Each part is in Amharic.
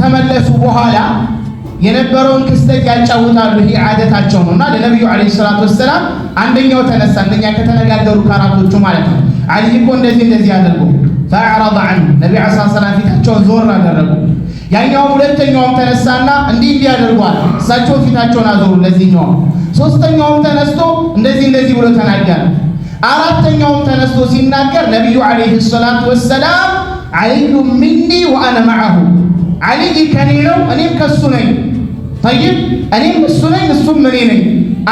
ተመለሱ በኋላ የነበረውን ክስተት ያጫውታሉ። ይሄ አደታቸው ነው እና ለነቢዩ ዓለይሂ ሰላቱ ወሰላም አንደኛው ተነሳ፣ አንደኛ ከተነጋገሩ ከአራቶቹ ማለት ነው። አሊ እኮ እንደዚህ እንደዚህ አደርጉ ፈአዕረض ዐን ነቢ ሳ ሰላም ፊታቸውን ዞር አደረጉ። ያኛውም ሁለተኛውም ተነሳና እንዲህ እንዲህ አደርጓል። እሳቸው ፊታቸውን አዞሩ ለዚህኛው። ሶስተኛውም ተነስቶ እንደዚህ እንደዚህ ብሎ ተናገረ። አራተኛውም ተነስቶ ሲናገር ነቢዩ ዓለይሂ ሰላቱ ወሰላም አይሉ ምኒ ወአነ መዐሁ አልይ ከኔ ነው፣ እኔም ከሱ ነኝ። ጠይብ እኔም እሱ ነኝ፣ እሱም እኔ ነኝ፣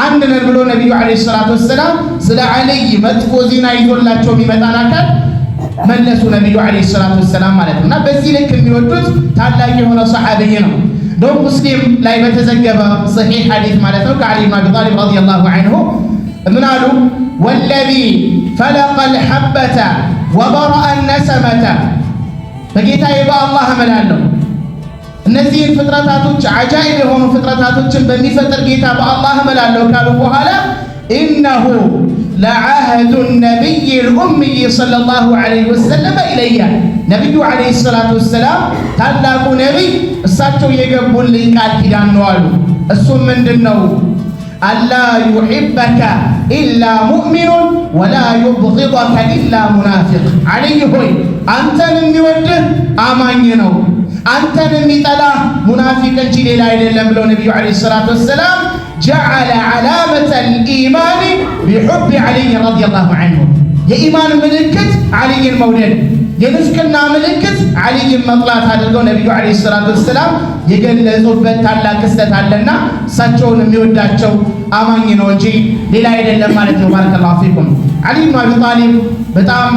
አንድ ነን ብሎ ነቢዩ ዓለይሂ ሰላቱ ወሰላም ስለ አልይ መጥፎ ዜና ይዞላቸው የሚመጣን አካል መለሱ ነቢዩ ዓለይሂ ሰላቱ ወሰላም ማለት ነው። እና በዚህ ልክ የሚወዱት ታላቅ የሆነ ሰሓቢይ ነው። እንደውም ሙስሊም ላይ በተዘገበ ሰሒሕ ሐዲስ ማለት ነው ከዓሊ ብን አቢ ጣሊብ ረዲየላሁ ዐንሁ ምን አሉ? ወለዚ ፈለቀል ሐበተ ወበረአ ነሰመተ በጌታዬ በአላህ እምላለሁ እነዚህን ፍጥረታቶች አጃይብ የሆኑ ፍጥረታቶችን በሚፈጥር ጌታ በአላህ እምላለሁ ካሉ በኋላ ኢነሁ ለዓህዱ ነቢይ ልኡምይ ሰለላሁ ዐለይሂ ወሰለመ ኢለያ ነቢዩ ዐለይሂ ሰላቱ ወሰላም ታላቁ ነቢይ እሳቸው የገቡልኝ ቃል ኪዳን ነው አሉ። እሱም ምንድን ነው? አላ ዩሕበከ ኢላ ሙእሚኑን ወላ ዩብጊደከ ኢላ ሙናፊቅ። ዐልይ ሆይ አንተን የሚወድህ አማኝ ነው አንተን የሚጠላ ሙናፊቅ እንጂ ሌላ አይደለም ብለው ነቢዩ ዓለይሂ ሰላቱ ወሰላም ጀዓለ ዓላመተ ኢማኒ ቢሑቢ ዓሊይን ረዲየላሁ አንሁ የኢማን ምልክት ዓሊይን መውደድ የንፍቅና ምልክት ዓሊይን መጥላት አድርገው ነቢዩ ዓለይሂ ሰላቱ ወሰላም የገለጹበት ታላቅ ክስተት አለና እሳቸውን የሚወዳቸው አማኝ ነው እንጂ ሌላ አይደለም ማለት ነው። ባረከላሁ ፊኩም። ዓሊ ብኑ አቢ ጣሊብ በጣም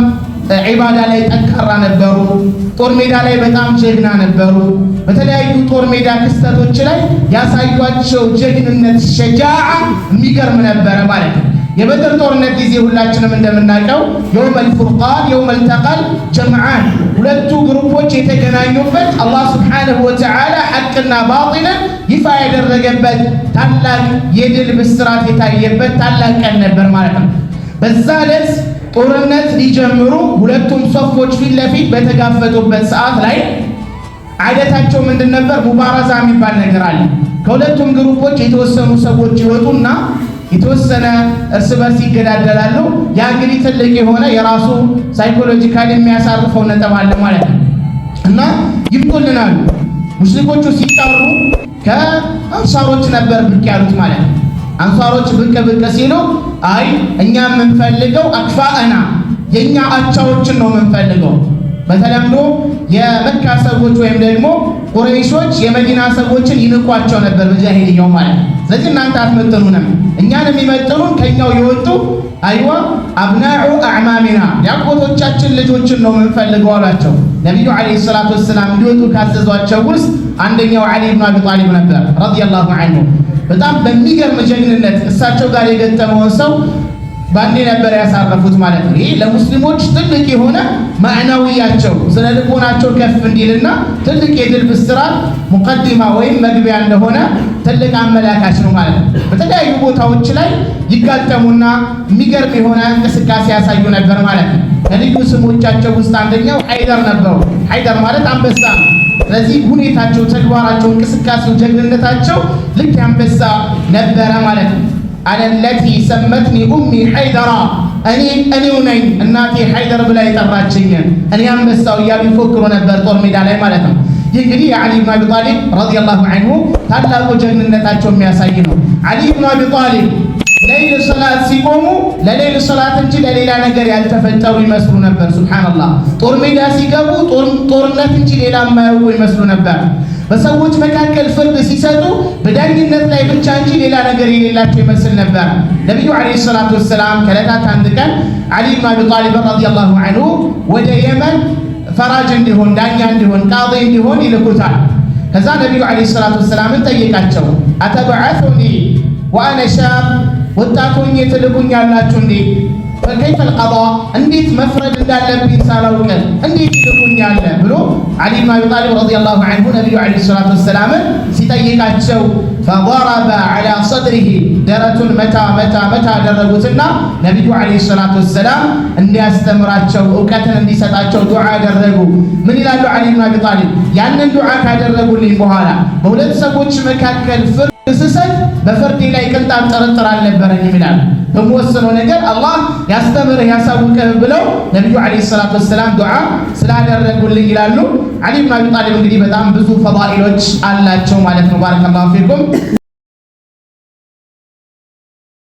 ዒባዳ ላይ ጠንካራ ነበሩ። ጦር ሜዳ ላይ በጣም ጀግና ነበሩ። በተለያዩ ጦር ሜዳ ክስተቶች ላይ ያሳዩቸው ጀግንነት ሸጃዓ የሚገርም ነበረ ማለት ነው። የበድር ጦርነት ጊዜ ሁላችንም እንደምናውቀው የውመል ፉርቃን የውመል ተቃል ጀምዓን ሁለቱ ግሩፖች የተገናኙበት አላህ ስብሓነሁ ወተዓላ ሐቅና ባጢልን ይፋ ያደረገበት ታላቅ የድል ብስራት የታየበት ታላቅ ቀን ነበር ማለት ነው። በዛ ደስ ጦርነት ሊጀምሩ ሁለቱም ሶፎች ፊት ለፊት በተጋፈጡበት ሰዓት ላይ አይነታቸው ምንድን ነበር? ሙባረዛ የሚባል ነገር አለ። ከሁለቱም ግሩፖች የተወሰኑ ሰዎች ይወጡና የተወሰነ እርስ በርስ ይገዳደላሉ። ያ እንግዲህ ትልቅ የሆነ የራሱ ሳይኮሎጂካል የሚያሳርፈው ነጥብ አለ ማለት ነው እና ይብቁልናሉ። ሙስሊሞቹ ሲጠሩ ከአንሳሮች ነበር ብቅ ያሉት ማለት ነው። አንሳሮች ብቅ ብቅ ሲሉ አይ እኛ የምንፈልገው አክፋእና የእኛ አቻዎችን ነው የምንፈልገው። በተለምዶ የመካ ሰዎች ወይም ደግሞ ቁረይሾች የመዲና ሰዎችን ይንቋቸው ነበር በጃሂልያው ማለት ስለዚህ እናንተ አትመጥኑንም፣ እኛን የሚመጥኑን ከኛው የወጡ አይዋ አብናዑ አዕማሚና የአጎቶቻችን ልጆችን ነው የምንፈልገው አሏቸው። ነቢዩ ዓለይሂ ሰላቱ ወሰላም እንዲወጡ ካዘዟቸው ውስጥ አንደኛው ዓሊ ብኑ አቢ ጣሊብ ነበር ረዲየላሁ አንሁ። በጣም በሚገርም ጀግንነት እሳቸው ጋር የገጠመውን ሰው ባንዴ ነበር ያሳረፉት ማለት ነው። ይህ ለሙስሊሞች ትልቅ የሆነ ማዕናዊያቸው ስለ ልቦናቸው ከፍ እንዲልና ትልቅ የድል ብስራት ሙቀዲማ ወይም መግቢያ እንደሆነ ትልቅ አመላካች ነው ማለት ነው። በተለያዩ ቦታዎች ላይ ይጋጠሙና የሚገርም የሆነ እንቅስቃሴ ያሳዩ ነበር ማለት ነው። ከልዩ ስሞቻቸው ውስጥ አንደኛው ሀይደር ነበሩ። ሀይደር ማለት አንበሳ ነው። ስለዚህ ሁኔታቸው፣ ተግባራቸው፣ እንቅስቃሴው፣ ጀግንነታቸው ልክ ያንበሳ ነበረ ማለት ነው። አለለቲ ሰመትኒ ኡሚ ሐይደራ እኔ እኔው ነኝ እናቴ ሐይደር ብላ የጠራችኝ እኔ አንበሳው እያሉ ይፎክሩ ነበር፣ ጦር ሜዳ ላይ ማለት ነው። ይህ እንግዲህ የዓሊ ብን አቢ ጣሊብ ረዲየላሁ አንሁ ታላቁ ጀግንነታቸው የሚያሳይ ነው። ዓሊ ብን አቢ ጣሊብ ለይል ሰላት ሲቆሙ ለሌል ሰላት እንጂ ለሌላ ነገር ያልተፈጠሩ ይመስሉ ነበር። ሱብሓነላህ ጦር ሜዳ ሲገቡ ጦርነት እንጂ ሌላ የማያውቁ ይመስሉ ነበር። በሰዎች መካከል ፍርድ ሲሰጡ በዳኝነት ላይ ብቻ እንጂ ሌላ ነገር የሌላቸው ይመስል ነበር። ነቢዩ ዓለይሂ ሰላቱ ወሰላም ከዕለታት አንድ ቀን ዓሊ ብን አቢ ጣሊብ ረዲየላሁ አንሁ ወደ የመን ፈራጅ እንዲሆን፣ ዳኛ እንዲሆን፣ ቃዲ እንዲሆን ይልኩታል። ከዛ ነቢዩ ዓለይሂ ሰላቱ ወሰላምን ጠየቃቸው። አተብዓቱኒ ወአነ ሻብ ወጣቶኝ ትልኩኛላችሁ እንዴ? በከይፈል ቀዷ እንዴት መፍረድ እንዳለብኝ ሳላውቅ እንዴት ይልቁኛል ብሎ አሊ ብን አቢ ረዲየላሁ አንሁ ነቢዩ ዓለይሂ ሰላቱ ወሰላምን ሲጠይቃቸው ፈደረበ ዓላ ሰድሪሂ ደረቱን መታ መታ መታ አደረጉትና ነቢዩ ዓለይሂ ሰላቱ ወሰላም እንዲያስተምራቸው እውቀትን እንዲሰጣቸው ዱዓ አደረጉ። ምን ይላሉ አሊ ብን አቢ ያንን ዱዓ ካደረጉልኝ በኋላ በሁለት ሰዎች መካከል ፍርድ ስሰጥ በፍርዴ ላይ ቅንጣት ጥርጥር አልነበረኝም ይላል። በሚወሰነው ነገር አላህ ያስተምርህ ያሳውቅህ ብለው ነቢዩ ዓለይሂ ሰላቱ ወሰላም ዱዓ ስላደረጉልኝ ይላሉ። ዓሊ ብን አቢ ጣሊብ እንግዲህ በጣም ብዙ ፈዳኢሎች አላቸው ማለት ነው። ባረከላሁ ፊኩም